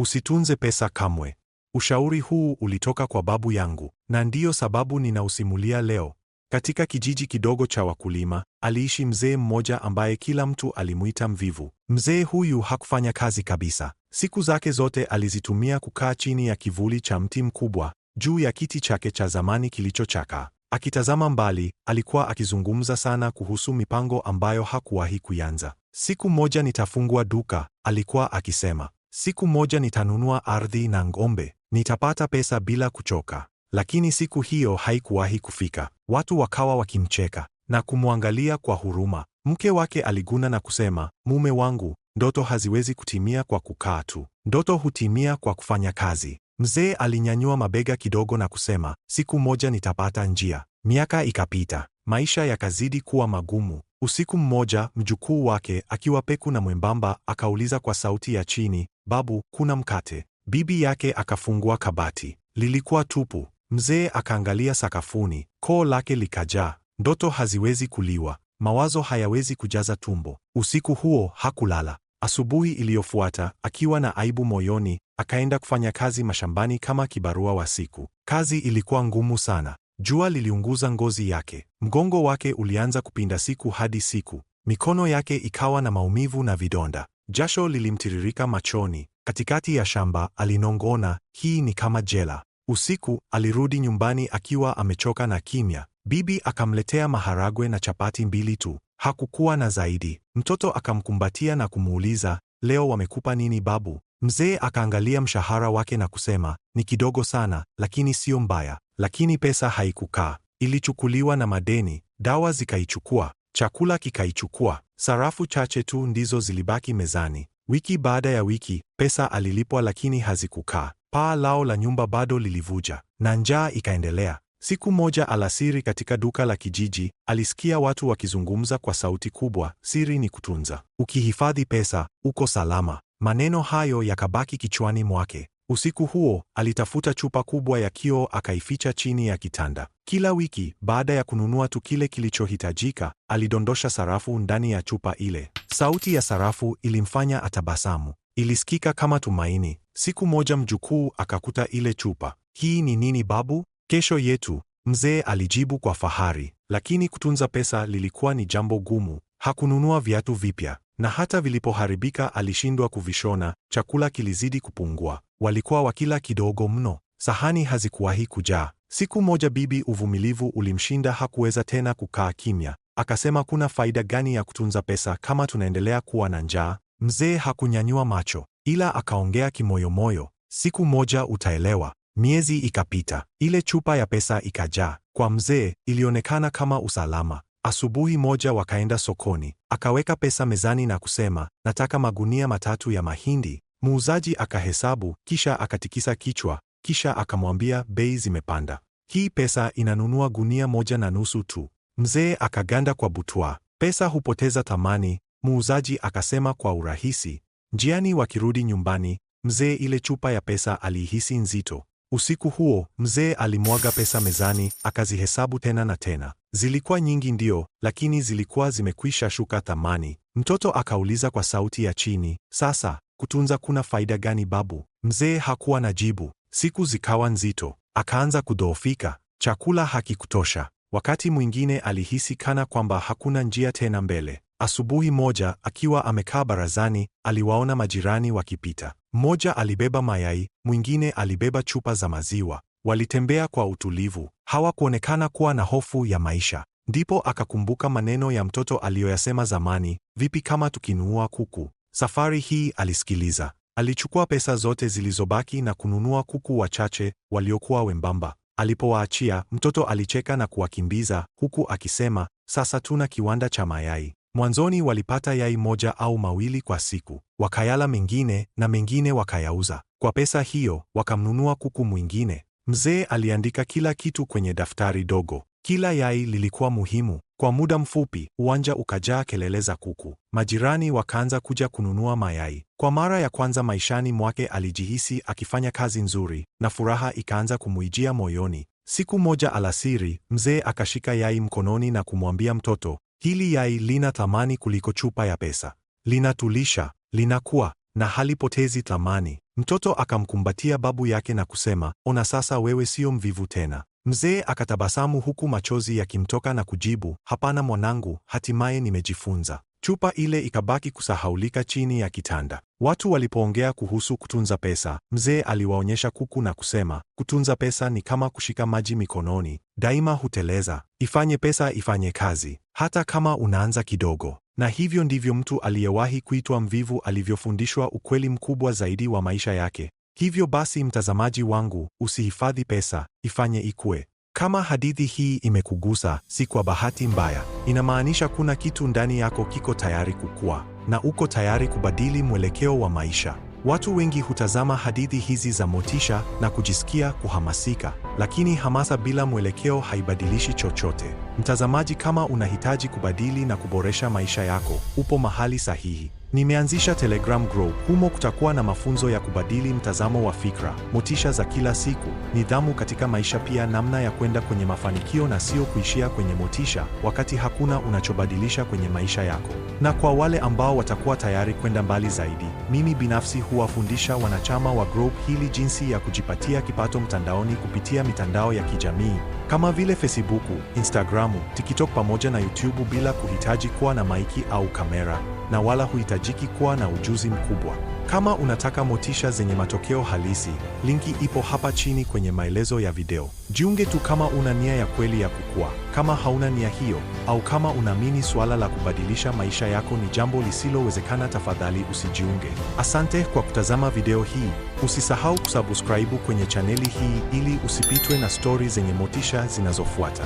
Usitunze pesa kamwe. Ushauri huu ulitoka kwa babu yangu, na ndiyo sababu ninausimulia leo. Katika kijiji kidogo cha wakulima, aliishi mzee mmoja ambaye kila mtu alimuita mvivu. Mzee huyu hakufanya kazi kabisa. Siku zake zote alizitumia kukaa chini ya kivuli cha mti mkubwa, juu ya kiti chake cha zamani kilichochakaa. Akitazama mbali, alikuwa akizungumza sana kuhusu mipango ambayo hakuwahi kuanza. Siku moja nitafungua duka, alikuwa akisema. Siku moja nitanunua ardhi na ng'ombe, nitapata pesa bila kuchoka. Lakini siku hiyo haikuwahi kufika. Watu wakawa wakimcheka na kumwangalia kwa huruma. Mke wake aliguna na kusema, mume wangu, ndoto haziwezi kutimia kwa kukaa tu, ndoto hutimia kwa kufanya kazi. Mzee alinyanyua mabega kidogo na kusema, siku moja nitapata njia. Miaka ikapita, maisha yakazidi kuwa magumu. Usiku mmoja, mjukuu wake akiwa peku na mwembamba akauliza kwa sauti ya chini, Babu, kuna mkate. Bibi yake akafungua kabati, lilikuwa tupu. Mzee akaangalia sakafuni, koo lake likajaa. Ndoto haziwezi kuliwa, mawazo hayawezi kujaza tumbo. Usiku huo hakulala. Asubuhi iliyofuata, akiwa na aibu moyoni, akaenda kufanya kazi mashambani kama kibarua wa siku. Kazi ilikuwa ngumu sana. Jua liliunguza ngozi yake, mgongo wake ulianza kupinda siku hadi siku, mikono yake ikawa na maumivu na vidonda. Jasho lilimtiririka machoni. Katikati ya shamba alinong'ona, hii ni kama jela. Usiku alirudi nyumbani akiwa amechoka na kimya. Bibi akamletea maharagwe na chapati mbili tu, hakukuwa na zaidi. Mtoto akamkumbatia na kumuuliza, leo wamekupa nini babu? Mzee akaangalia mshahara wake na kusema, ni kidogo sana, lakini sio mbaya. Lakini pesa haikukaa, ilichukuliwa na madeni, dawa zikaichukua. Chakula kikaichukua. Sarafu chache tu ndizo zilibaki mezani. Wiki baada ya wiki, pesa alilipwa lakini hazikukaa. Paa lao la nyumba bado lilivuja na njaa ikaendelea. Siku moja alasiri, katika duka la kijiji, alisikia watu wakizungumza kwa sauti kubwa, siri ni kutunza, ukihifadhi pesa uko salama. Maneno hayo yakabaki kichwani mwake. Usiku huo alitafuta chupa kubwa ya kioo akaificha chini ya kitanda. Kila wiki baada ya kununua tu kile kilichohitajika, alidondosha sarafu ndani ya chupa ile. Sauti ya sarafu ilimfanya atabasamu, ilisikika kama tumaini. Siku moja mjukuu akakuta ile chupa. Hii ni nini babu? Kesho yetu, mzee alijibu kwa fahari. Lakini kutunza pesa lilikuwa ni jambo gumu. Hakununua viatu vipya na hata vilipoharibika alishindwa kuvishona. Chakula kilizidi kupungua. Walikuwa wakila kidogo mno, sahani hazikuwahi kujaa. Siku moja bibi uvumilivu ulimshinda, hakuweza tena kukaa kimya. Akasema, kuna faida gani ya kutunza pesa kama tunaendelea kuwa na njaa? Mzee hakunyanyua macho, ila akaongea kimoyomoyo, siku moja utaelewa. Miezi ikapita, ile chupa ya pesa ikajaa. Kwa mzee ilionekana kama usalama. Asubuhi moja wakaenda sokoni, akaweka pesa mezani na kusema, nataka magunia matatu ya mahindi Muuzaji akahesabu, kisha akatikisa kichwa, kisha akamwambia bei zimepanda. Hii pesa inanunua gunia moja na nusu tu. Mzee akaganda kwa butwa. Pesa hupoteza thamani, muuzaji akasema kwa urahisi. Njiani wakirudi nyumbani, mzee ile chupa ya pesa aliihisi nzito. Usiku huo, mzee alimwaga pesa mezani, akazihesabu tena na tena. Zilikuwa nyingi ndio, lakini zilikuwa zimekwisha shuka thamani. Mtoto akauliza kwa sauti ya chini, sasa kutunza kuna faida gani babu? Mzee hakuwa na jibu. Siku zikawa nzito, akaanza kudhoofika, chakula hakikutosha. Wakati mwingine alihisi kana kwamba hakuna njia tena mbele. Asubuhi moja, akiwa amekaa barazani, aliwaona majirani wakipita. Mmoja alibeba mayai, mwingine alibeba chupa za maziwa. Walitembea kwa utulivu, hawakuonekana kuwa na hofu ya maisha. Ndipo akakumbuka maneno ya mtoto aliyoyasema zamani, vipi kama tukinuua kuku? Safari hii alisikiliza. Alichukua pesa zote zilizobaki na kununua kuku wachache waliokuwa wembamba. Alipowaachia, mtoto alicheka na kuwakimbiza huku akisema, sasa tuna kiwanda cha mayai. Mwanzoni walipata yai moja au mawili kwa siku, wakayala mengine na mengine wakayauza. Kwa pesa hiyo wakamnunua kuku mwingine. Mzee aliandika kila kitu kwenye daftari dogo. Kila yai lilikuwa muhimu. Kwa muda mfupi, uwanja ukajaa kelele za kuku. Majirani wakaanza kuja kununua mayai. Kwa mara ya kwanza maishani mwake alijihisi akifanya kazi nzuri, na furaha ikaanza kumuijia moyoni. Siku moja alasiri, mzee akashika yai mkononi na kumwambia mtoto, hili yai lina thamani kuliko chupa ya pesa. Linatulisha, linakuwa na halipotezi thamani. Mtoto akamkumbatia babu yake na kusema, ona sasa wewe sio mvivu tena. Mzee akatabasamu huku machozi yakimtoka na kujibu, hapana mwanangu, hatimaye nimejifunza. Chupa ile ikabaki kusahaulika chini ya kitanda. Watu walipoongea kuhusu kutunza pesa, mzee aliwaonyesha kuku na kusema, kutunza pesa ni kama kushika maji mikononi, daima huteleza. Ifanye pesa ifanye kazi, hata kama unaanza kidogo. Na hivyo ndivyo mtu aliyewahi kuitwa mvivu alivyofundishwa ukweli mkubwa zaidi wa maisha yake. Hivyo basi, mtazamaji wangu, usihifadhi pesa, ifanye ikue. Kama hadithi hii imekugusa, si kwa bahati mbaya. Inamaanisha kuna kitu ndani yako kiko tayari kukua na uko tayari kubadili mwelekeo wa maisha. Watu wengi hutazama hadithi hizi za motisha na kujisikia kuhamasika, lakini hamasa bila mwelekeo haibadilishi chochote. Mtazamaji, kama unahitaji kubadili na kuboresha maisha yako, upo mahali sahihi. Nimeanzisha Telegram group. Humo kutakuwa na mafunzo ya kubadili mtazamo wa fikra, motisha za kila siku, nidhamu katika maisha, pia namna ya kwenda kwenye mafanikio na sio kuishia kwenye motisha, wakati hakuna unachobadilisha kwenye maisha yako. Na kwa wale ambao watakuwa tayari kwenda mbali zaidi, mimi binafsi huwafundisha wanachama wa group hili jinsi ya kujipatia kipato mtandaoni kupitia mitandao ya kijamii kama vile Facebook, Instagramu, TikTok pamoja na YouTube bila kuhitaji kuwa na maiki au kamera na wala huhitajiki kuwa na ujuzi mkubwa. Kama unataka motisha zenye matokeo halisi, linki ipo hapa chini kwenye maelezo ya video. Jiunge tu kama una nia ya kweli ya kukua. Kama hauna nia hiyo, au kama unaamini suala la kubadilisha maisha yako ni jambo lisilowezekana, tafadhali usijiunge. Asante kwa kutazama video hii. Usisahau kusubscribe kwenye chaneli hii ili usipitwe na stori zenye motisha zinazofuata.